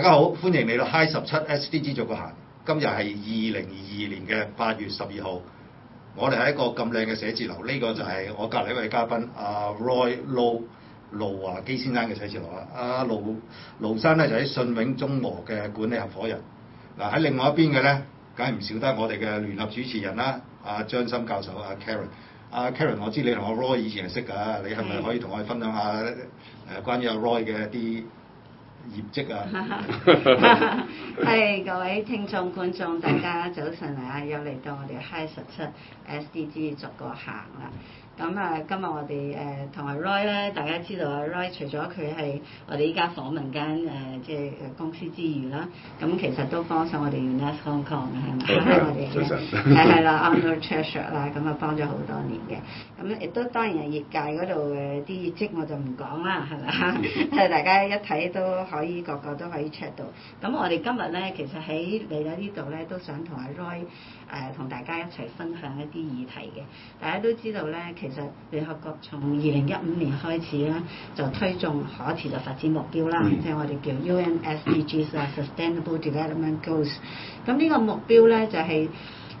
大家好，歡迎嚟到 Hi 十七 SDG 資助個行。今日係二零二二年嘅八月十二號。我哋喺一個咁靚嘅寫字樓，呢、這個就係我隔離一位嘉賓阿、uh, Roy Low 盧華基先生嘅寫字樓啦。阿、啊、盧盧生咧就喺、是、信永中和嘅管理合伙人。嗱、啊、喺另外一邊嘅咧，梗係唔少得我哋嘅聯合主持人啦，阿、啊、張森教授阿、啊、Karen、啊。阿 Karen，我知你同阿 Roy 以前係識㗎，你係咪可以同我哋分享下誒、啊、關於阿 Roy 嘅一啲？業績啊！係各位聽眾觀眾，大家早晨啊！又嚟到我哋 High 十七 SDG 逐個行啦～咁啊，今日我哋誒同阿 Roy 咧，大家知道阿 Roy，除咗佢係我哋依家訪問間誒即係誒公司之餘啦，咁其實都幫上我哋 United Hong Kong 嘅，係嘛，okay, 我哋嘅係係啦 Under Treasure 啦真實，咁啊幫咗好多年嘅，咁亦都當然係業界嗰度誒啲業績我就唔講啦，係咪啊？ 大家一睇都可以個個都可以 check 到。咁我哋今日咧，其實喺嚟到呢度咧，都想同阿 Roy 誒、呃、同大家一齊分享一啲議題嘅。大家都知道咧，其實，聯合國從二零一五年開始咧，就推進可持續發展目標啦，即係我哋叫 U N S D Gs 啊，Sustainable Development Goals。咁呢個目標咧，就係。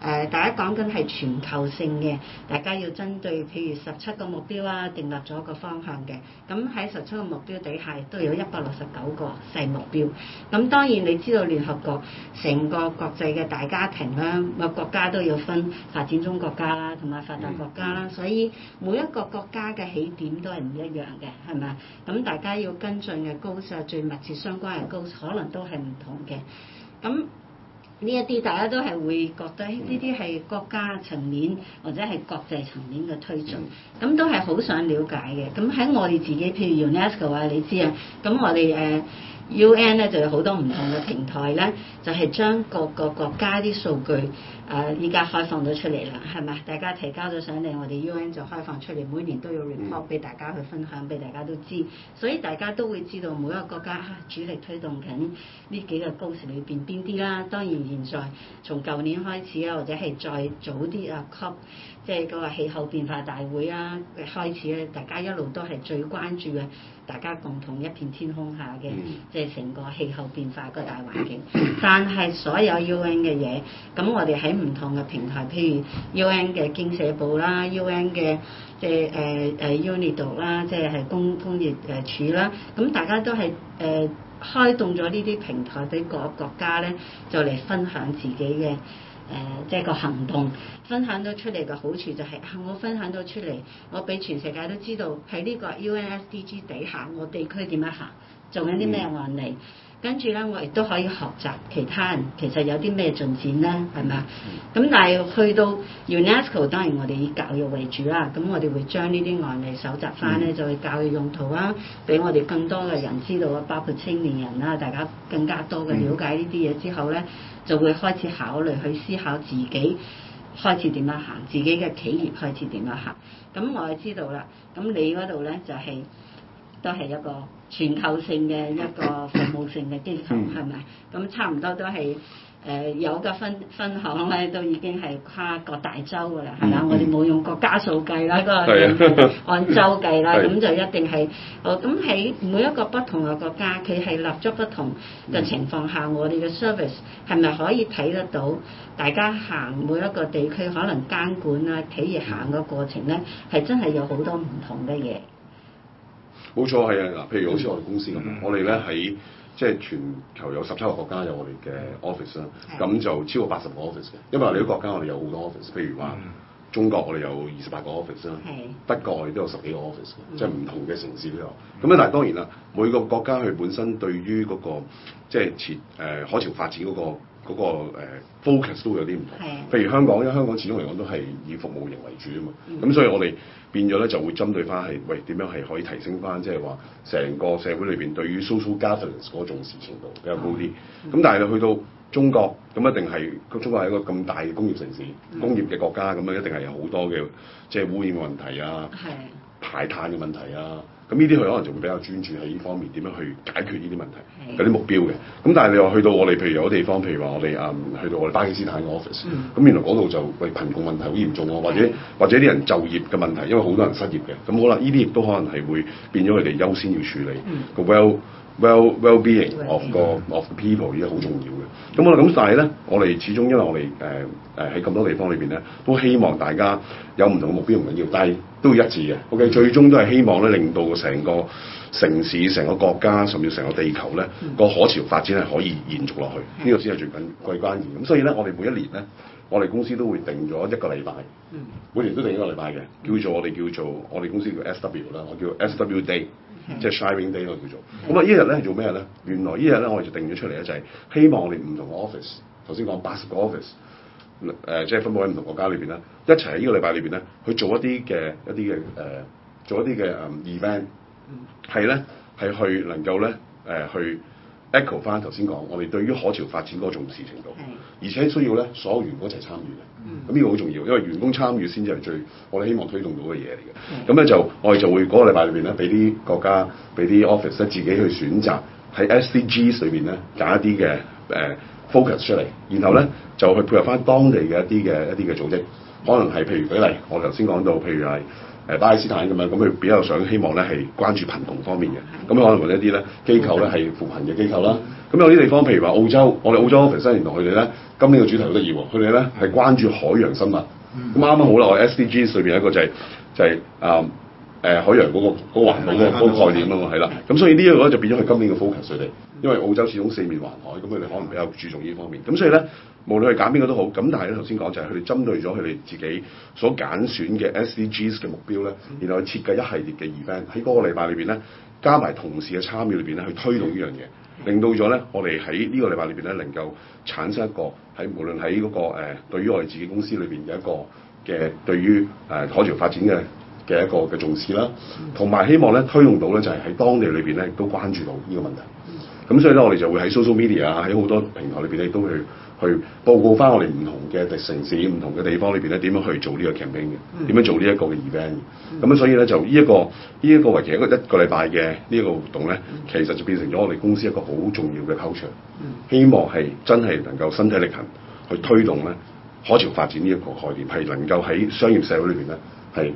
誒、呃，大家講緊係全球性嘅，大家要針對譬如十七個目標啊，訂立咗個方向嘅。咁喺十七個目標底下，都有一百六十九個細目標。咁當然你知道聯合國成個國際嘅大家庭啦、啊，個國家都要分發展中國家啦、啊，同埋發達國家啦、啊。所以每一個國家嘅起點都係唔一樣嘅，係咪啊？咁大家要跟進嘅高，就最密切相關嘅高，可能都係唔同嘅。咁呢一啲大家都係會覺得，呢啲係國家層面或者係國際層面嘅推進，咁都係好想了解嘅。咁喺我哋自己，譬如 UNESCO 啊，你知啊，咁我哋誒。呃 U N 咧就有好多唔同嘅平台咧，就係、是、將各個國家啲數據，誒依家開放咗出嚟啦，係咪？大家提交咗上嚟，我哋 U N 就開放出嚟，每年都有 report 俾大家去分享，俾大家都知，所以大家都會知道每一個國家、啊、主力推動緊呢幾個工程裏邊邊啲啦。當然現在從舊年開始啊，或者係再早啲啊，即係嗰個氣候變化大會啊，開始咧，大家一路都係最關注嘅，大家共同一片天空下嘅，mm hmm。即係成個氣候變化個大環境。但係所有 U N 嘅嘢，咁我哋喺唔同嘅平台，譬如 U N 嘅經社部啦，U N 嘅即係誒誒 U N I D O 啦，即係係工工業誒處啦，咁大家都係誒、呃、開動咗呢啲平台俾各個國家咧，就嚟分享自己嘅。誒、呃，即係個行動分享到出嚟嘅好處，就係、是，我分享到出嚟，我俾全世界都知道喺呢個 UNSDG 底下，我地區點樣行，做緊啲咩案例。嗯嗯跟住咧，我亦都可以學習其他人，其實有啲咩進展咧，係咪？咁、嗯、但係去到 UNESCO，當然我哋以教育為主啦。咁我哋會將呢啲案例搜集翻咧，嗯、就會教育用途啊，俾我哋更多嘅人知道啊，包括青年人啦，大家更加多嘅了解呢啲嘢之後咧，嗯、就會開始考慮去思考自己開始點樣行，自己嘅企業開始點樣行。咁我係知道啦。咁你嗰度咧就係、是、都係一個。全球性嘅一個服務性嘅機構係咪？咁 差唔多都係誒、呃、有個分分行咧，都已經係跨各大洲㗎啦，係咪 我哋冇用國家數計啦，個按洲計啦，咁 就一定係，哦。咁喺每一個不同嘅國家，佢係立足不同嘅情況下， 我哋嘅 service 係咪可以睇得到？大家行每一個地區可能監管啊，企業行嘅過程咧，係真係有好多唔同嘅嘢。冇錯，係啊！嗱，譬如好似我哋公司咁，嗯、我哋咧喺即係全球有十七個國家有我哋嘅 office 啦，咁、嗯、就超過八十個 office 嘅。因為我哋啲國家我哋有好多 office，譬如話中國我哋有二十八個 office 啦，嗯、德國我哋都有十幾個 office，嗯、即係唔同嘅城市都有。咁啊、嗯，但係當然啦，每個國家佢本身對於嗰、嗰個即係前誒海潮發展嗰、嗰個。嗰個 focus 都有啲唔同，的譬如香港，因為香港始終嚟講都係以服務型為主啊嘛，咁、嗯、所以我哋變咗咧就會針對翻係，喂，點樣係可以提升翻，即係話成個社會裏邊對於 social governance 嗰個重視程度比較高啲。咁、嗯、但係你去到中國，咁一定係個中國係一個咁大嘅工業城市、嗯、工業嘅國家，咁啊一定係有好多嘅即係污染嘅問題啊、的排碳嘅問題啊。咁呢啲佢可能就會比較專注喺呢方面，點樣去解決呢啲問題，的有啲目標嘅。咁但係你話去到我哋譬如有啲地方，譬如話我哋啊、嗯、去到我哋巴基斯坦嘅 office，咁、嗯、原來嗰度就喂，貧窮問題好嚴重喎的，或者或者啲人就業嘅問題，因為好多人失業嘅。咁好啦，呢啲亦都可能係會變咗佢哋優先要處理。個、嗯、well Well well-being of 個 of the people 依家好重要嘅，咁我哋咁但係咧，我哋始終因為我哋誒誒喺咁多地方裏邊咧，都希望大家有唔同嘅目標唔緊要但係都會一致嘅。OK，最終都係希望咧，令到成個城市、成個國家，甚至成個地球咧，個、嗯、可持續發展係可以延續落去，呢、這個先係最緊貴關鍵。咁、嗯、所以咧，我哋每一年咧，我哋公司都會定咗一個禮拜，每年都定一個禮拜嘅，叫做我哋叫做我哋公司叫 S W 啦，我叫 S W Day。即係 Sharing Day 我叫做，咁啊 Okay. 呢日咧做咩咧？原來呢日咧我哋就定咗出嚟咧，就係、是、希望我哋唔同 office，頭先講八十個 office，誒、呃、即係、就是、分布喺唔同國家裏邊啦，一齊喺呢個禮拜裏邊咧去做一啲嘅一啲嘅誒，做一啲嘅誒 event，係咧係去能夠咧誒去。Echo 翻頭先講，我哋對於可潮發展嘅重視程度，嗯、而且需要咧所有員工一齊參與嘅。咁呢個好重要，因為員工參與先至係最我哋希望推動到嘅嘢嚟嘅。咁咧、嗯、就我哋就會嗰個禮拜裏邊咧，俾啲國家俾啲 office 咧自己去選擇喺 S D G 裏面咧揀一啲嘅誒 focus 出嚟，然後咧就去配合翻當地嘅一啲嘅一啲嘅組織，可能係譬如舉例，我頭先講到，譬如係。誒巴基斯坦咁樣，咁佢比較想希望咧係關注貧窮方面嘅，咁咧可能同一啲咧機構咧係扶貧嘅機構啦。咁有啲地方，譬如話澳洲，我哋澳洲 Professor 同佢哋咧，今年嘅主題好得意喎，佢哋咧係關注海洋生物。咁啱啱好啦，SDG 裏邊有一個就係、是、就係、是、啊。嗯誒、呃、海洋嗰、那個嗰、那個、環保嗰、那個那個概念啊嘛，係啦，咁所以呢一個咧就變咗佢今年嘅 focus 佢哋，因為澳洲始終四面環海，咁佢哋可能比較注重呢方面，咁所以咧，無論佢揀邊個都好，咁但係咧頭先講就係佢哋針對咗佢哋自己所揀選嘅 SDGs 嘅目標咧，然後去設計一系列嘅 event 喺嗰個禮拜裏邊咧，加埋同事嘅參與裏邊咧去推動呢樣嘢，令到咗咧我哋喺呢個禮拜裏邊咧能夠產生一個喺無論喺嗰、那個誒、呃、對於我哋自己公司裏邊嘅一個嘅對於誒、呃、海潮發展嘅。嘅一個嘅重視啦，同埋希望咧推動到咧就係喺當地裏邊咧都關注到呢個問題。咁、嗯、所以咧我哋就會喺 social media 啊，喺好多平台裏邊咧都去去報告翻我哋唔同嘅城市、唔同嘅地方裏邊咧點樣去做呢個 campaign 嘅、嗯，點樣做、event，嗯、呢、這個這個、一個嘅 event，咁所以咧就呢一個呢一個為期一個一個禮拜嘅呢個活動咧，嗯、其實就變成咗我哋公司一個好重要嘅 culture、嗯。希望係真係能夠身體力行去推動咧可持續發展呢一個概念，係能夠喺商業社會裏邊咧係。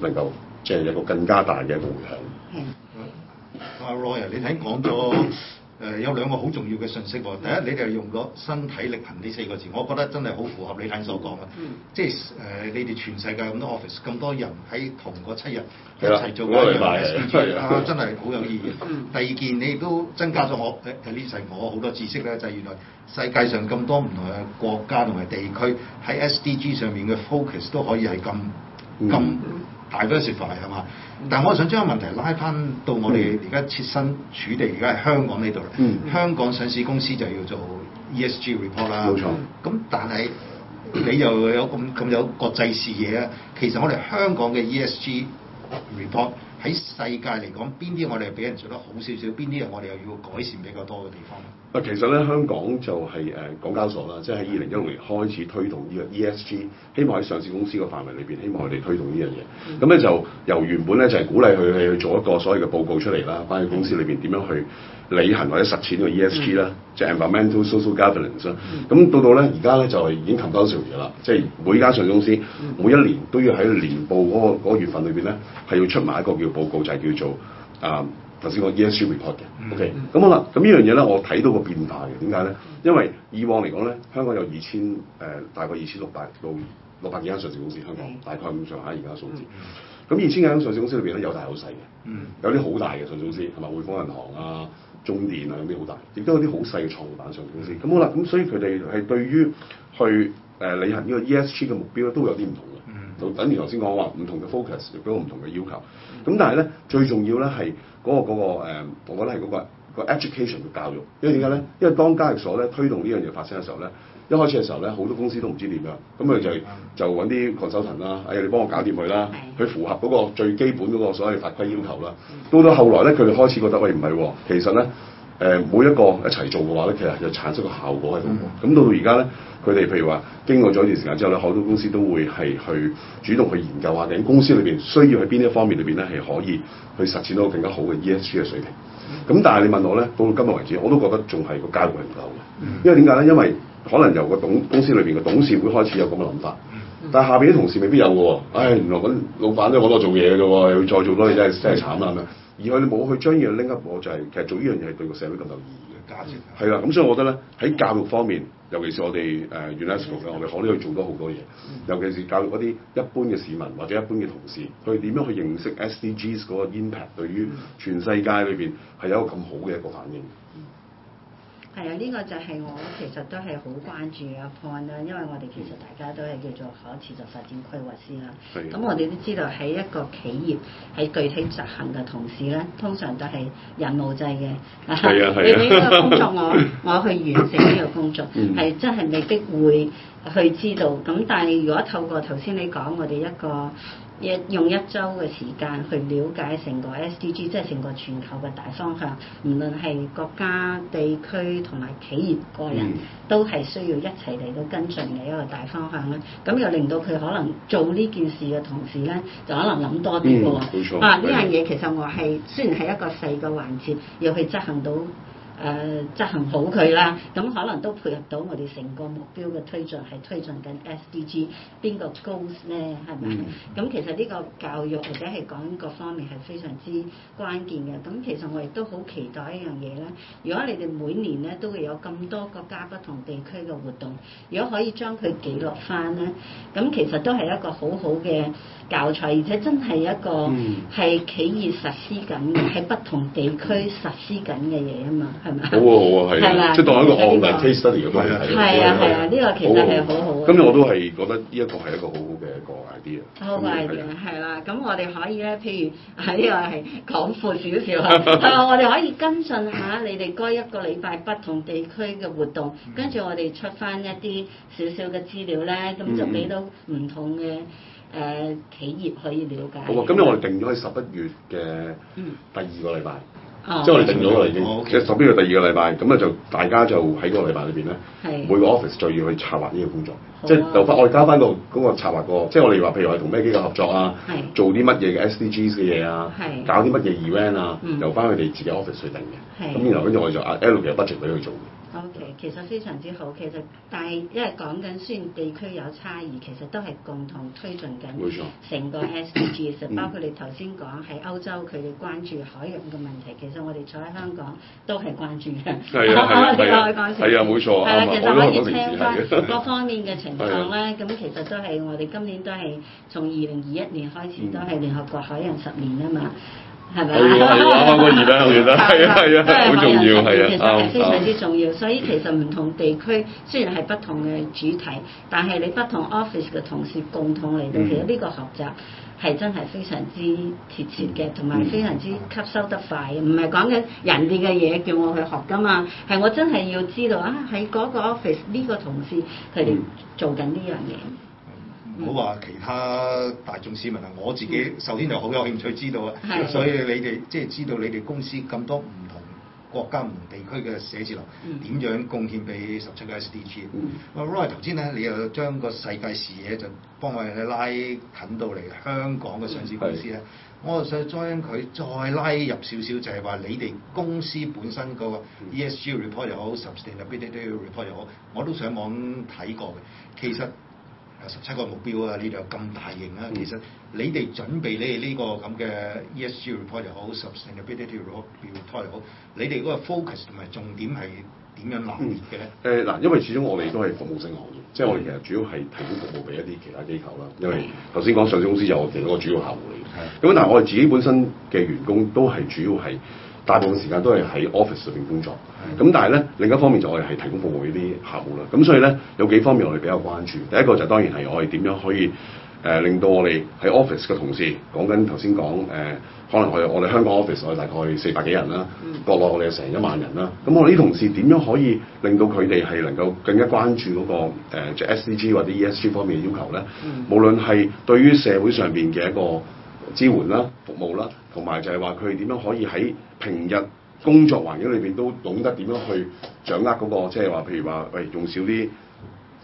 能夠即係一個更加大嘅回響。阿、 uh, Roy 啊，你頭先講咗誒、呃、有兩個好重要嘅信息喎。第一，你哋用咗身體力行呢四個字，我覺得真係好符合你頭先所講嘅。 即係誒、呃，你哋全世界咁多 office 咁多人喺同七個七日一齊做緊 S D G 啊，真係好有意義。第二件，你亦都增加咗我誒呢世我好多知識咧，就係、是、原來世界上咁多唔同嘅國家同埋地區喺 S D G 上面嘅 focus 都可以係咁咁。 大家都説法係嘛？但係我想將個問題拉翻到我哋而家設身處地，而家係香港呢度啦。嗯、香港上市公司就要做 ESG report 啦，冇錯。咁但係你又有咁咁有國際視野咧，其實我哋香港嘅 ESG report。喺世界嚟講，邊啲我哋係俾人做得好少少，邊啲嘢我哋又要改善比較多嘅地方啊，其實咧，香港就係誒港交所啦，即係喺二零一六年開始推動呢個 ESG，希望喺上市公司個範圍裏邊，希望我哋推動呢樣嘢。咁咧、嗯、就由原本咧就係、是、鼓勵佢去做一個所謂嘅報告出嚟啦，返去公司裏邊點樣去，嗯履行或者實踐個 ESG 啦，即係 environmental, social, governance 啦。咁到到咧，而家咧就係已經 compulsory 咗啦。即係每間上市公司、嗯、每一年都要喺年報嗰個月份裏邊咧，係要出埋一個叫報告，就係、是、叫做啊頭先個 ESG report 嘅。嗯、OK，咁好啦。咁、嗯嗯、呢樣嘢咧，我睇到個變態嘅。點解咧？因為以往嚟講咧，香港有二千誒大概二千六百到六百幾間上市公司，香港大概咁上下而家數字。嗯嗯咁二千間上市公司裏邊咧有大有細嘅，有啲好大嘅上市公司，同埋匯豐銀行啊、中電啊，有啲好大，亦都有啲好細嘅創業板上市公司。咁、嗯、好啦，咁所以佢哋係對於去誒履、呃、行呢個 ESG 嘅目標咧，都有啲唔同嘅。嗯，就等於頭先講話唔同嘅 focus 亦都有唔同嘅要求。咁、嗯、但係咧，最重要咧係嗰個嗰、嗰個呃、我覺得係嗰、嗰個嗰個 education 嘅教育，因為點解咧？因為當交易所咧推動呢樣嘢發生嘅時候咧。一開始嘅時候咧，好多公司都唔知點樣，咁佢就就搵啲抗手層啦，哎呀，你幫我搞掂佢啦，佢符合嗰個最基本嗰個所謂法規要求啦。到到後來咧，佢哋開始覺得喂，唔係，其實咧誒、呃、每一個一齊做嘅話咧，其實就產生個效果喺度。咁、mm hmm. 到到而家咧，佢哋譬如話經過咗一段時間之後咧，好多公司都會係去主動去研究下，究竟公司裏邊需要喺邊一方面裏邊咧係可以去實踐到個更加好嘅 E S G 嘅水平。咁、mm hmm. 但係你問我咧，到到今日為止，我都覺得仲係個介護係唔夠嘅，因為點解咧？因為可能由個董公司裏邊嘅董事會開始有咁嘅諗法，但係下邊啲同事未必有嘅喎。唉，原來咁老闆都好多做嘢嘅喎，又要再做多嘢，真係真係慘啦咁。嗯、而佢冇去將嘢拎一攞就係其實做呢樣嘢係對個社會咁有意義嘅價值。係啦，咁、嗯、所以我覺得咧喺教育方面，尤其是我哋誒 u n e s 我哋可都可做多好多嘢。尤其是教育嗰啲一般嘅市民或者一般嘅同事，佢點樣去認識 SDGs 嗰個 impact 對於全世界裏邊係有一個咁好嘅一個反應。係啊，呢、呢個就係我其實都係好關注嘅一個 point 啊，因為我哋其實大家都係叫做可持續發展規劃師啦。咁、啊、我哋都知道喺一個企業喺具體執行嘅同時咧，通常都係任務制嘅。係啊係、啊、你呢個工作我 我去完成呢個工作，係 真係未必會去知道。咁但係如果透過頭先你講我哋一個。一用一周嘅時間去了解成個 SDG，即係成個全球嘅大方向，無論係國家、地區同埋企業、個人都係需要一齊嚟到跟進嘅一個大方向啦。咁又令到佢可能做呢件事嘅同時呢，就可能諗多啲喎。嗯、啊，呢樣嘢其實我係雖然係一個細嘅環節，要去執行到。誒、呃、執行好佢啦，咁、嗯、可能都配合到我哋成個目標嘅推進，係推進緊 SDG 邊個 goals 咧、嗯，係、嗯、咪？咁其實呢個教育或者係講各方面係非常之關鍵嘅。咁、嗯、其實我亦都好期待一樣嘢咧，如果你哋每年咧都會有咁多國家不同地區嘅活動，如果可以將佢記錄翻咧，咁、嗯嗯嗯嗯嗯嗯、其實都係一個好好嘅教材而且真係一個係企業實施緊嘅，喺不同地區實施緊嘅嘢啊嘛，係咪啊？好啊，好啊，係啊，即當一個案例 case study 咁樣，係啊係啊，呢個其實係好好。今日我都係覺得呢一個係一個好好嘅一個 idea。好 idea，係啦。咁我哋可以咧，譬如喺呢個係廣闊少少，我哋可以跟進下你哋嗰一個禮拜不同地區嘅活動，跟住我哋出翻一啲少少嘅資料咧，咁就俾到唔同嘅。誒企業可以了解。好啊，咁咧我哋定咗喺十一月嘅第二個禮拜，即係我哋定咗個禮拜。十一月第二個禮拜，咁咧就大家就喺嗰個禮拜裏邊咧，每個 office 就要去策劃呢個工作。即係留翻我哋加翻個嗰個策劃個，即係我哋話譬如話同咩機構合作啊，做啲乜嘢嘅 SDGs 嘅嘢啊，搞啲乜嘢 event 啊，由翻佢哋自己 office 去定嘅。咁然後跟住我哋就阿 L 嘅 budget 俾佢做。O、okay, K，其實非常之好。其實但係因為講緊雖然地區有差異，其實都係共同推進緊、嗯。成個 SDGs，包括你頭先講喺歐洲，佢哋關注海洋嘅問題，嗯、其實我哋坐喺香港都係關注嘅。係係係。係啊，冇錯。係啦，其實可以聽翻各方面嘅情況啦。咁其實都係我哋今年都係從二零二一年開始、嗯、都係聯合國海洋十年吖嘛。係咪啊？好，我翻個頁啦，我頁啦，係啊，係啊，好重要，係啊，啊，其實係非常之重要。所以其實唔同地區雖然係不同嘅主題，但係你不同 office 嘅同事共同嚟到，其實呢個學習係真係非常之貼切嘅，同埋非常之吸收得快嘅。唔係講緊人哋嘅嘢叫我去學㗎嘛，係我真係要知道啊，喺嗰個 office 呢個同事佢哋做緊呢樣嘢。唔好話其他大眾市民啊，我自己首先就好有興趣知道啊，嗯、所以你哋即係知道你哋公司咁多唔同國家唔同地區嘅寫字樓點、嗯、樣貢獻俾十七個 SDG、嗯。咁啊、uh, right，頭先咧你又將個世界視野就幫我哋拉近到嚟香港嘅上市公司咧，的我就想將佢再拉入少少，就係話你哋公司本身個 ESG report 又好 su、嗯、stainability report 又好，我都上網睇過嘅，其實。十七個目標啊！呢度有咁大型啊，嗯、其實你哋準備你哋呢個咁嘅 ESG report 又好，sustainability report 又好，你哋嗰個 focus 同埋重點係點樣落嚟嘅咧？誒嗱、嗯呃，因為始終我哋都係服務性行業，即係我哋其實主要係提供服務俾一啲其他機構啦。因為頭先講上市公司有我哋嗰個主要客戶嚟嘅，咁的、嗯、但係我哋自己本身嘅員工都係主要係。大部分時間都係喺 office 上面工作，咁的但係咧另一方面就我哋係提供服務嗰啲客戶啦，咁所以咧有幾方面我哋比較關注，第一個就當然係我哋點樣可以誒、呃、令到我哋喺 office 嘅同事講緊頭先講誒，可能我我哋香港 office 我大概四百幾人啦，嗯、國內我哋成一萬人啦，咁我哋啲同事點樣可以令到佢哋係能夠更加關注嗰、那個、呃、即係 SDG 或者 ESG 方面嘅要求咧？嗯、無論係對於社會上邊嘅一個，支援啦，服務啦，同埋就係話佢點樣可以喺平日工作環境裏邊都懂得點樣去掌握嗰個，即係話譬如話：喂，用少啲，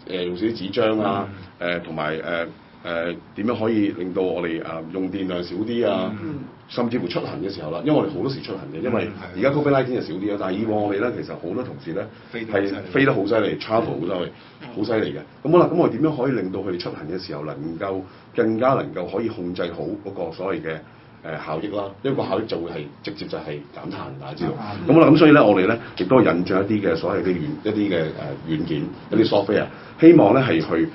誒，用少啲紙張啊，誒，同埋誒。呃誒點樣可以令到我哋啊用電量少啲啊，甚至乎出行嘅時候啦，因為我哋好多時出行嘅，因為而家高飛拉天就少啲啦，但係以往我哋咧其實好多同事咧係飛得好犀利，travel 好犀利，好犀利嘅。咁好啦，咁我哋點樣可以令到佢哋出行嘅時候能夠更加能夠可以控制好嗰個所謂嘅誒效益啦？因為個效益就會係直接就係減碳大家知道，咁好啦，咁所以咧我哋咧亦都引進一啲嘅所謂嘅軟一啲嘅誒軟件一啲 software，希望咧係去。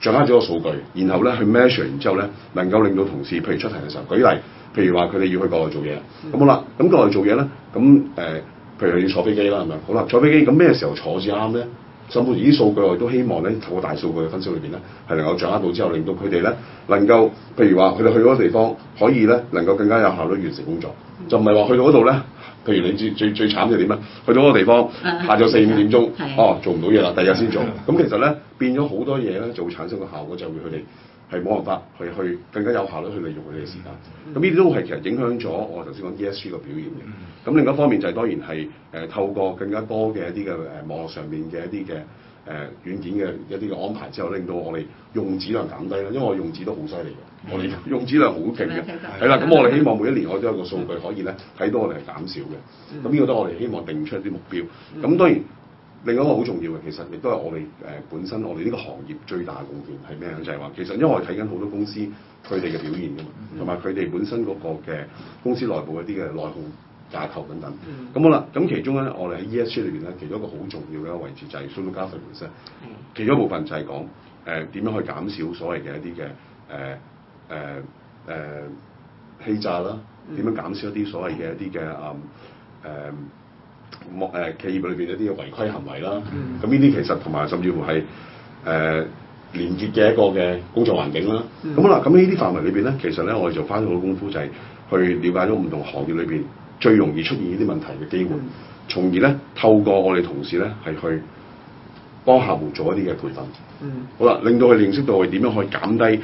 掌握咗個數據，然後咧去 measure，然之後咧能夠令到同事，譬如出題嘅時候舉例，譬如話佢哋要去外國做嘢，咁、嗯、好啦，咁外國做嘢咧，咁誒、呃，譬如要坐飛機啦，係咪？好啦，坐飛機，咁咩時候坐至啱咧？嗯甚至乎呢啲數據，我哋都希望咧透過大數據嘅分析裏邊咧，係能夠掌握到之後，令到佢哋咧能夠，譬如話佢哋去嗰個地方，可以咧能夠更加有效率完成工作，就唔係話去到嗰度咧，譬如你最最最慘就係點啊？去到嗰個地方，嗯、下晝四五點鐘，時的哦做唔到嘢啦，第二日先做。咁、嗯、其實咧變咗好多嘢咧，就會產生個效果，就會佢哋。係冇辦法去去更加有效率去利用佢哋嘅時間。咁呢啲都係其實影響咗我頭先講 ESG 個表現嘅。咁另一方面就係當然係誒透過更加多嘅一啲嘅誒網絡上面嘅一啲嘅誒軟件嘅一啲嘅安排之後，令到我哋用紙量減低啦。因為我用紙都好犀利嘅，的我哋用紙量好勁嘅。係啦， 咁我哋希望每一年我都有個數據可以咧睇到我哋係減少嘅。咁呢個都我哋希望定出一啲目標。咁當然。另外一個好重要嘅，其實亦都係我哋誒本身我哋呢個行業最大嘅貢獻係咩咧？就係、是、話其實因為我哋睇緊好多公司佢哋嘅表現嘅嘛，同埋佢哋本身嗰個嘅公司內部一啲嘅內控架構等等。咁、嗯、好啦，咁其中咧，我哋喺 ESG 裏邊咧，其中一個好重要嘅一個位置就係 Social Governance 其中一部分就係講誒點樣去減少所謂嘅一啲嘅誒誒誒欺詐啦，點、嗯、樣減少一啲所謂嘅一啲嘅誒誒。嗯嗯莫企業裏邊一啲嘅違規行為啦，咁呢啲其實同埋甚至乎係誒、呃、連結嘅一個嘅工作環境啦。咁嗱、嗯，咁呢啲範圍裏邊咧，其實咧我哋就花咗好多功夫，就係去了解咗唔同行業裏邊最容易出現呢啲問題嘅機會，嗯、從而咧透過我哋同事咧係去幫客戶做一啲嘅培訓。嗯、好啦，令到佢認識到我哋點樣可以減低。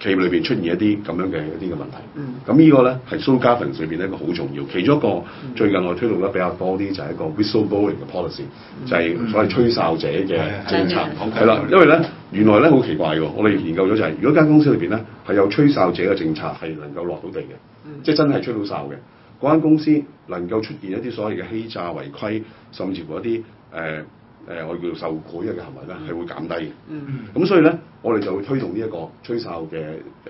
企業裏邊出現一啲咁樣嘅一啲嘅問題，咁、嗯、呢個咧係蘇家芬裏邊一個好重要。其中一個、嗯、最近我推動得比較多啲就係一個 whistleblowing 嘅 policy，就係所謂吹哨者嘅政策。係啦、嗯，嗯嗯、因為咧原來咧好奇怪喎，我哋研究咗就係、是，如果間公司裏邊咧係有吹哨者嘅政策係能夠落到地嘅，嗯、即係真係吹到哨嘅，嗰間公司能夠出現一啲所謂嘅欺詐違規，甚至乎一啲誒。呃誒我叫做受賄嘅行為咧，係會減低嘅。嗯咁、mm hmm. 所以咧，我哋就會推動呢一個吹哨嘅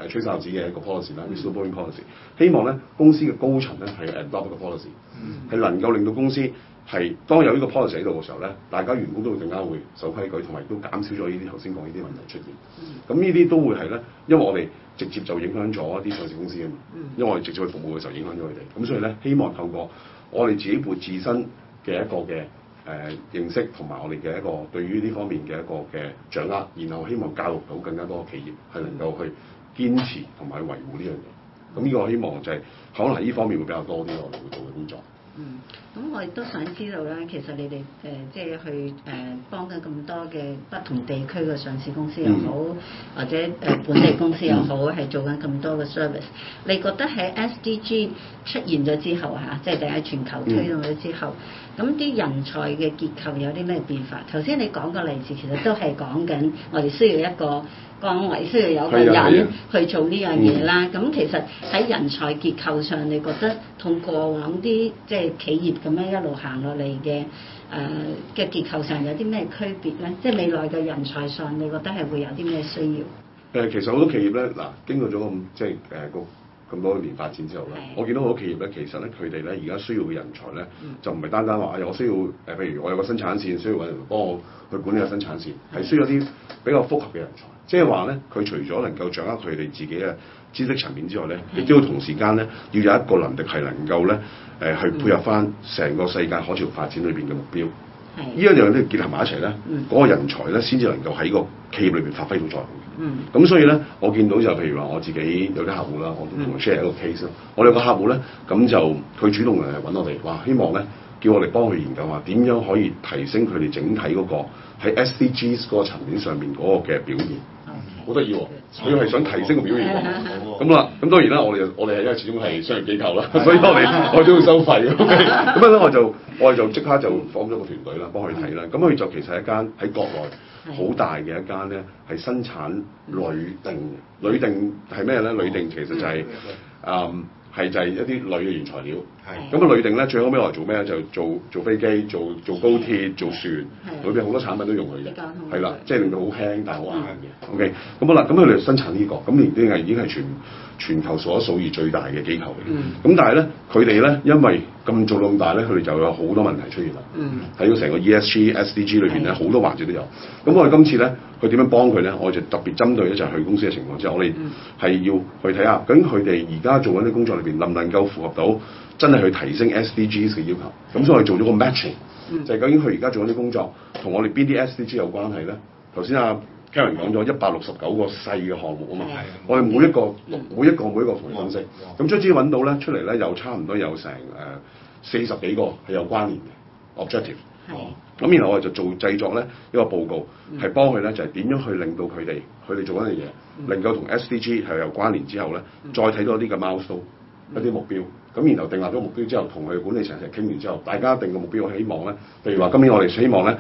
誒吹哨子嘅一個 policy 啦、mm。m、hmm. whistleblowing policy。希望咧公司嘅高層咧係 adopt 個 policy，係、mm hmm. 能夠令到公司係當有呢個 policy 喺度嘅時候咧，大家員工都會更加會守規矩，同埋都減少咗呢啲頭先講呢啲問題出現。咁呢啲都會係咧，因為我哋直接就影響咗一啲上市公司啊嘛。Mm hmm. 因為我哋直接去服務嘅時候影響咗佢哋，咁所以咧希望透過我哋自己部自身嘅一個嘅。誒、呃、認識同埋我哋嘅一個對於呢方面嘅一個嘅掌握，然後希望教育到更加多嘅企業係能夠去堅持同埋維護呢樣嘢。咁呢個希望就係、是、可能呢方面會比較多啲我哋會做嘅工作。嗯，咁我亦都想知道咧，其實你哋誒、呃、即係去誒、呃、幫緊咁多嘅不同地區嘅上市公司又好，嗯、或者誒本地公司又好，係、嗯、做緊咁多嘅 service、嗯。你覺得喺 SDG 出現咗之後嚇，即係喺全球推動咗之後？嗯嗯咁啲人才嘅結構有啲咩變化？頭先你講個例子，其實都係講緊我哋需要一個崗位，需要有個人去做呢樣嘢啦。咁、嗯、其實喺人才結構上，你覺得同過往啲即係企業咁樣一路行落嚟嘅誒嘅結構上有啲咩區別咧？即係未來嘅人才上，你覺得係會有啲咩需要？誒，其實好多企業咧，嗱經過咗咁即係誒、呃咁多年發展之後咧，我見到好多企業咧，其實咧佢哋咧而家需要嘅人才咧，就唔係單單話，哎我需要誒，譬如我有個生產線，需要揾人幫我去管理個生產線，係需要啲比較複合嘅人才，即係話咧，佢除咗能夠掌握佢哋自己嘅知識層面之外咧，亦都要同時間咧，要有一個能力係能夠咧，誒去配合翻成個世界可持續發展裏邊嘅目標。呢一樣都結合埋一齊咧，嗰、嗯、個人才咧先至能夠喺個企業裏邊發揮到作用嘅。咁、嗯、所以咧，我見到就譬如話我自己有啲客戶啦，我同佢 share 一個 case 咯、嗯。我哋個客戶咧，咁就佢主動嚟搵我哋，哇！希望咧叫我哋幫佢研究下點樣可以提升佢哋整體嗰、嗰個喺 SDGs 嗰個層面上面嗰個嘅表現。好得意喎！佢係想提升個表現，咁啦，咁、嗯、當然啦，我哋我哋係因為始終係商業機構啦， 所以我哋我都要收費。咁樣咧，我就我哋就即刻就放咗個團隊啦，幫佢睇啦。咁佢的就其實一間喺國內好大嘅一間咧，係生產鋁定，鋁定係咩咧？嗯、鋁定其實就係啊。係就係一啲鋁嘅原材料，咁個的鋁定咧，最屘尾攞嚟做咩？就做做飛機、做做高鐵、做船，的裏邊好多產品都用佢嘅。係啦的，即係令到的、okay, 好輕但係好硬嘅。OK，咁好啦，咁佢哋生產呢、呢個，咁年紀係已經係全全球數一數二最大嘅機構嚟咁、嗯、但係咧，佢哋咧因為。咁做到咁大咧，佢哋就有好多問題出現啦。嗯，喺個成個 ESG、SDG 裏邊咧，好多環節都有。咁我哋今次咧，佢點樣幫佢咧？我就特別針對咧，就係佢公司嘅情況之下，即係我哋係要去睇下，究竟佢哋而家做緊啲工作裏邊，能唔能夠符合到真係去提升 SDGs 嘅要求？咁、嗯、所以我哋做咗個 matching，嗯、就係究竟佢而家做緊啲工作同我哋邊啲 SDG 有關係咧？頭先啊。聽人講咗一百六十九個細嘅項目啊嘛，我哋每一個每一個每一個同分析，咁將之揾到咧，出嚟咧又差唔多有成誒四十幾個係有關聯嘅 objective，哦，咁然後我哋就做製作咧一個報告，係幫佢咧就係點樣去令到佢哋佢哋做緊嘅嘢能夠同 SDG 係有關聯之後咧，再睇多啲嘅 milestone 一啲目標。咁然後定立咗目標之後，同佢管理層一齊傾完之後，大家定個目標。我希望咧，譬如話今年我哋希望咧，誒、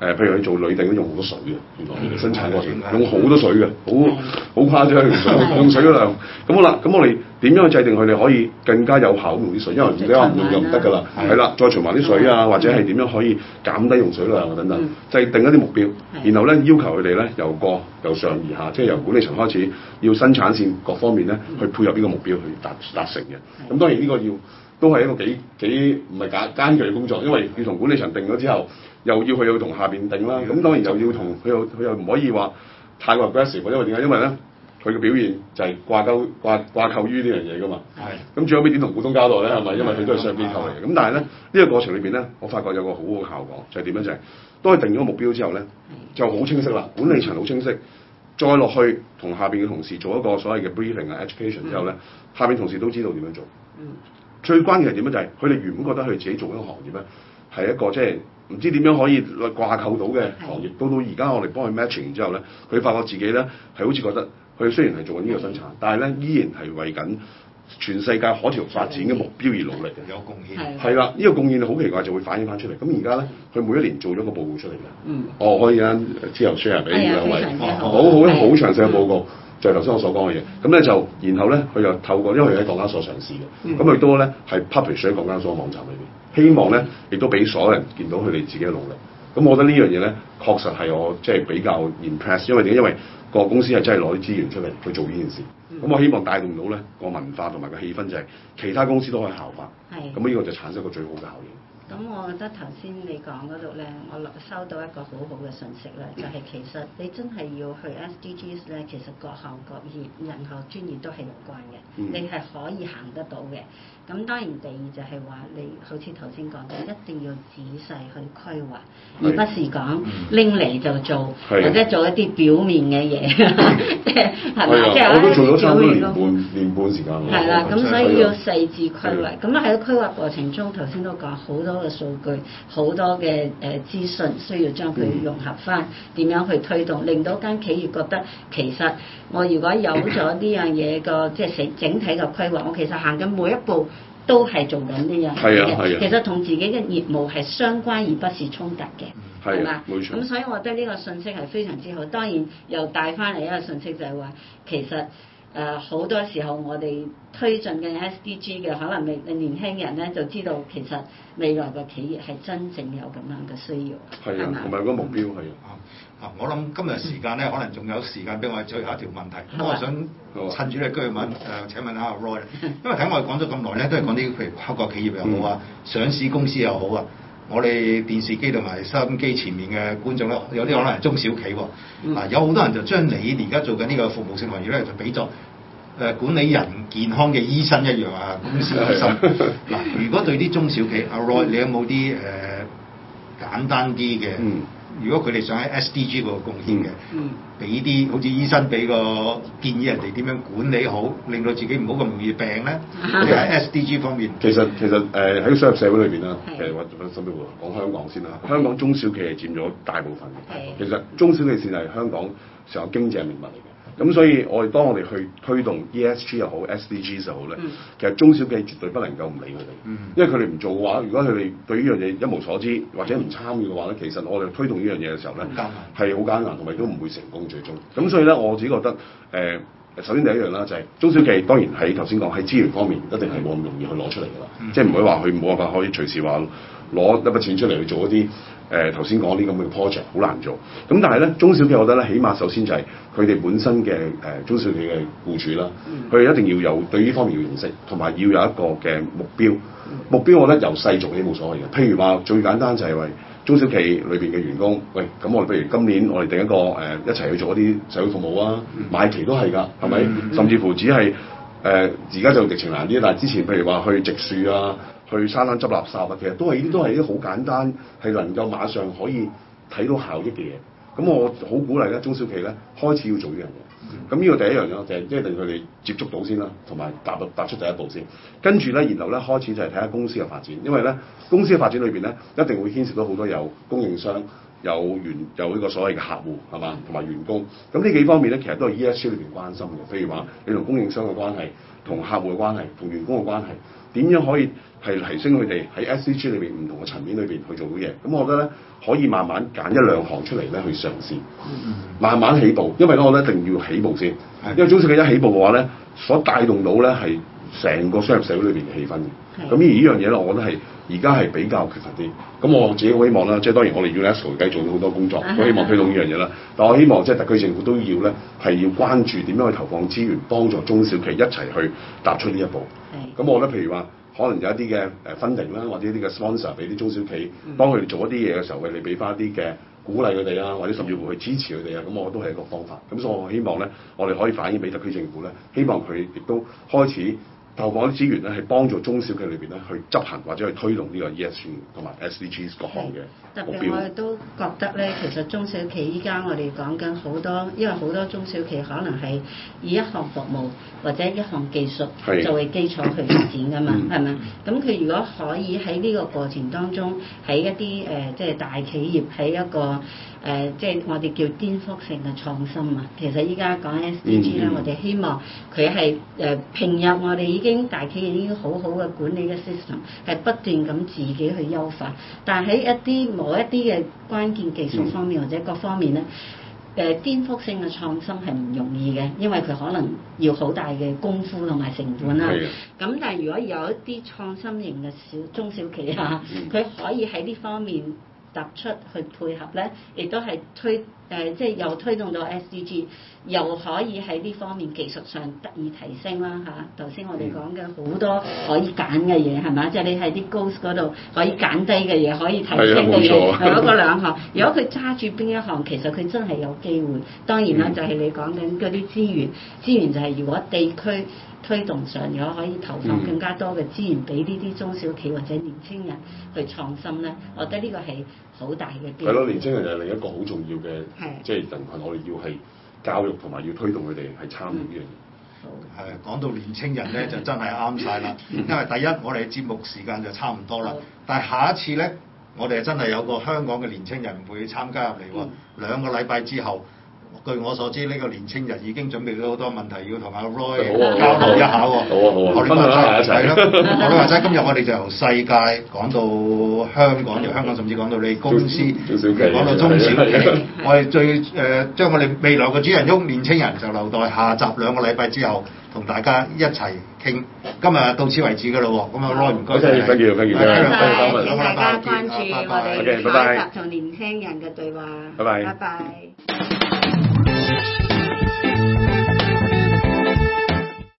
呃，譬如去做鋁錠都用好多水嘅，原來佢生產過程用好多水嘅，好好誇張， 用水嘅量。咁好啦，咁我哋。點樣去制定佢哋可以更加有效用啲水？因為唔係話唔用就唔得㗎啦，係啦，再循環啲水啊，或者係點樣可以減低用水量等等，制定一啲目標，然後咧要求佢哋咧由個由上而下，即係由管理層開始要生產線各方面咧去配合呢個目標去達達成嘅。咁當然呢個要都係一個幾幾唔係簡艱巨嘅工作，因為要同管理層定咗之後，又要佢要同下邊定啦。咁當然又要同佢又佢又唔可以話太過 aggressive 嘅，因為點解？因為咧。佢嘅表現就係掛勾掛掛扣於呢樣嘢㗎嘛。係的。咁最後尾點同股東交代咧？係咪？因為佢都係上邊扣嚟嘅。咁的但係咧，呢、這個過程裏邊咧，我發覺有個好好嘅效果，就係、是、點樣就係、是，當佢定咗個目標之後咧，就好清晰啦。管理層好清晰，再落去同下邊嘅同事做一個所謂嘅 briefing 啊 education 之後咧，的下邊同事都知道點樣做。嗯的。最關鍵係點樣就係，佢哋原本覺得佢自己做嗰個行業咧，係一個即係唔知點樣可以掛扣到嘅行業。的到到而家我哋幫佢 matching 之後咧，佢發覺自己咧係好似覺得。佢雖然係做緊呢個生產，嗯、但係咧依然係為緊全世界可持續發展嘅目標而努力嘅，有貢獻係啦，呢的、呢個貢獻好奇怪就會反映翻出嚟。咁而家咧，佢每一年做咗個報告出嚟嘅，嗯，哦，可以啱之後 share 俾兩位，哎、好好好的詳細嘅報告，就係頭先我所講嘅嘢。咁咧就，然後咧佢又透過，因為喺港交所上市嘅，咁佢都咧係 publish 喺港交所嘅網站裏邊，希望咧、嗯、亦都俾所有人見到佢哋自己嘅努力。咁我覺得呢樣嘢咧，確實係我即係比較 impress，因為點解因為，因為個公司係真係攞啲資源出嚟去做呢件事，咁、嗯、我希望帶動到咧個文化同埋個氣氛就係其他公司都可以效法，咁呢依個就產生一個最好嘅效應。咁我覺得頭先你講嗰度咧，我收到一個好好嘅訊息咧，就係、是、其實你真係要去 SDGs 咧，其實各行各業任何專業都係有關嘅，嗯、你係可以行得到嘅。咁當然第二就係話你好似頭先講嘅，一定要仔細去規劃，而不是講拎嚟就做，或者做一啲表面嘅嘢，即係係咪？即係我都做咗三年半時間啦。係啦，咁所以要細緻規劃，咁啊喺規劃過程中，頭先都講好多嘅數據，好多嘅誒資訊需要將佢融合翻，點樣去推動，令到間企業覺得其實我如果有咗呢樣嘢個即係整體嘅規劃，我其實行緊每一步。都係做緊呢樣嘢，係啊係啊、其實同自己嘅業務係相關，而不是衝突嘅，係嘛？冇錯。咁所以我覺得呢個信息係非常之好，當然又帶翻嚟一個信息就係話，其實。誒好、呃、多時候，我哋推進嘅 SDG 嘅，可能未年輕人咧就知道，其實未來嘅企業係真正有咁樣嘅需要，係咪啊？同埋吧個目標係啊。嗱、啊，我諗今日時間咧，可能仲有時間俾我哋最後一條問題。咁、嗯、我想趁住你居問誒吧、呃，請問下 Roy，因為睇我哋講咗咁耐咧，都係講啲譬如跨國企業又好啊，嗯、上市公司又好啊。我哋電視機同埋收音機前面嘅觀眾咧，有啲可能係中小企喎、哦啊，有好多人就將你而家做緊呢個服務性行業咧，就比作誒、呃、管理人健康嘅醫生一樣啊，公司醫生嗱， 如果對啲中小企，阿、啊、Roy 你有冇啲誒簡單啲嘅？嗯如果佢哋想喺 SDG 嗰個貢獻嘅，俾啲、嗯、好似醫生俾個建議人哋點樣管理好，令到自己唔好咁容易病咧，喺、嗯、SDG 方面。其實其實誒喺、呃、商業社會裏邊啦，是的 其實講香港先啦。香港中小企係佔咗大部分嘅，是的 其實中小企業線係香港上有經濟命脈嚟咁所以，我哋當我哋去推動 ESG 又好, SD 好、SDG 又好咧，其實中小企絕對不能夠唔理佢哋，嗯、因為佢哋唔做嘅話，如果佢哋對呢樣嘢一無所知、嗯、或者唔參與嘅話咧，其實我哋推動呢樣嘢嘅時候咧，係好、嗯、艱難，同埋都唔會成功最終。咁所以咧，我自己覺得，誒、呃，首先第一樣啦、就是，就係中小企當然喺頭先講喺資源方面一定係冇咁容易去攞出嚟嘅喇，即係唔會話佢冇辦法可以隨時話。攞一筆錢出嚟去做一啲誒、呃、頭先講啲咁嘅 project，好難做。咁但係咧，中小企我覺得咧，起碼首先就係佢哋本身嘅誒、呃、中小企嘅僱主啦，佢哋、嗯、一定要有對呢方面嘅認識，同埋要有一個嘅目標。嗯、目標我覺得由細做起冇所謂嘅。譬如話最簡單就係、係、為中小企裏邊嘅員工，喂，咁我哋譬如今年我哋定一個誒、呃，一齊去做一啲社會服務啊，嗯、買旗都係㗎，係咪？嗯嗯、甚至乎只係誒，呃、而家就疫情難啲，但係之前譬如話去植樹，樹啊。去沙灘執垃圾啊！其實都係呢啲，都係啲好簡單，係能夠馬上可以睇到效益嘅嘢。咁、嗯、我好鼓勵咧，中小企咧開始要做呢樣嘢。咁、嗯、呢、嗯、個第一樣嘢，就係即係令佢哋接觸到先啦，同埋踏踏出第一步先。跟住咧，然後咧開始就係睇下公司嘅發展，因為咧公司嘅發展裏邊咧，一定會牽涉到好多有供應商、有員、有呢個所謂嘅客戶，係嘛，同埋員工。咁、嗯、呢幾方面咧，其實都係 E S G 裏邊關心嘅。譬如話，你同供應商嘅關係、同客戶嘅關係、同員工嘅關係，點樣可以？係提升佢哋喺 S, C G 裏邊唔同嘅層面裏邊去做啲嘢，咁我覺得咧可以慢慢揀一兩行出嚟咧去嘗試，慢慢起步，因為咧我覺得一定要起步先，因為中小企一起步嘅話咧，所帶動到咧係成個商業社會裏邊嘅氣氛咁的而呢樣嘢咧，我覺得係而家係比較缺乏啲，咁我自己好希望啦，即係當然我哋要喺 S C 做咗好多工作，我希望推動呢樣嘢啦，但我希望即係特區政府都要咧係要關注點樣去投放資源幫助中小企一齊去踏出呢一步，咁的我覺得譬如話。可能有一啲嘅 funding 啦，或者啲嘅 sponsor 俾啲中小企幫佢哋做一啲嘢嘅時候，佢哋俾翻一啲嘅鼓勵佢哋啊，或者甚至乎去支持佢哋啊，咁我都係一個方法。咁所以我希望咧，我哋可以反映俾特區政府咧，希望佢亦都開始。投放啲資源咧，係幫助中小企裏邊咧去執行或者去推動呢個 ESG 同埋 SDGs 各項嘅目標。特別我哋都覺得咧，其實中小企依家我哋講緊好多，因為好多中小企可能係以一項服務或者一項技術作為基礎去發展噶嘛，係咪是？咁佢如果可以喺呢個過程當中，喺一啲誒即係大企業喺一個。誒、呃，即係我哋叫顛覆性嘅創新啊！其實依家講 SDG 咧，我哋希望佢係誒平入我哋已經大企業已經好好嘅管理嘅 system 係不斷咁自己去優化，但喺一啲某一啲嘅關鍵技術方面，嗯、或者各方面咧，誒、呃、顛覆性嘅創新係唔容易嘅，因為佢可能要好大嘅功夫同埋成本啦。咁、嗯、但係如果有一啲創新型嘅小中小，小，小，小企啊，佢可以喺呢方面。突出去配合咧，亦都係推誒、呃，即係又推動到 S D G，又可以喺呢方面技術上得以提升啦嚇。頭、啊、先我哋講嘅好多可以揀嘅嘢係嘛，即係你喺啲 ghost 嗰度可以揀低嘅嘢，可以提升嘅嘢。嗯、如果嗰兩項，如果佢揸住邊一行，其實佢真係有機會。當然啦，就係、是、你講緊嗰啲資源，資源就係如果地區。推動上，如果可以投放更加多嘅資源俾呢啲中小企或者年青人去創新咧，我覺得呢個係好大嘅。係咯，年青人就係另一個好重要嘅，即係人群，我哋要係教育同埋要推動佢哋係參與呢樣嘢。嗯、講到年青人咧，就真係啱晒啦，因為第一我哋嘅節目時間就差唔多啦，嗯、但係下一次咧，我哋真係有個香港嘅年青人會參加入嚟喎，兩個禮拜之後。據我所知，呢個年青人已經準備咗好多問題要同阿 Roy 交流一下喎。好啊好啊，我哋今日一齊咯。我哋話齋今日我哋就由世界講到香港，由香港甚至講到你公司，講到中小企業。我哋最誒，將我哋未來嘅主人翁年青人就留待下集兩個禮拜之後同大家一齊傾。今日到此為止㗎啦喎。咁阿 Roy 唔該晒。歡迎歡迎大家，請大家關注我哋下一集同年青人嘅對話。拜拜。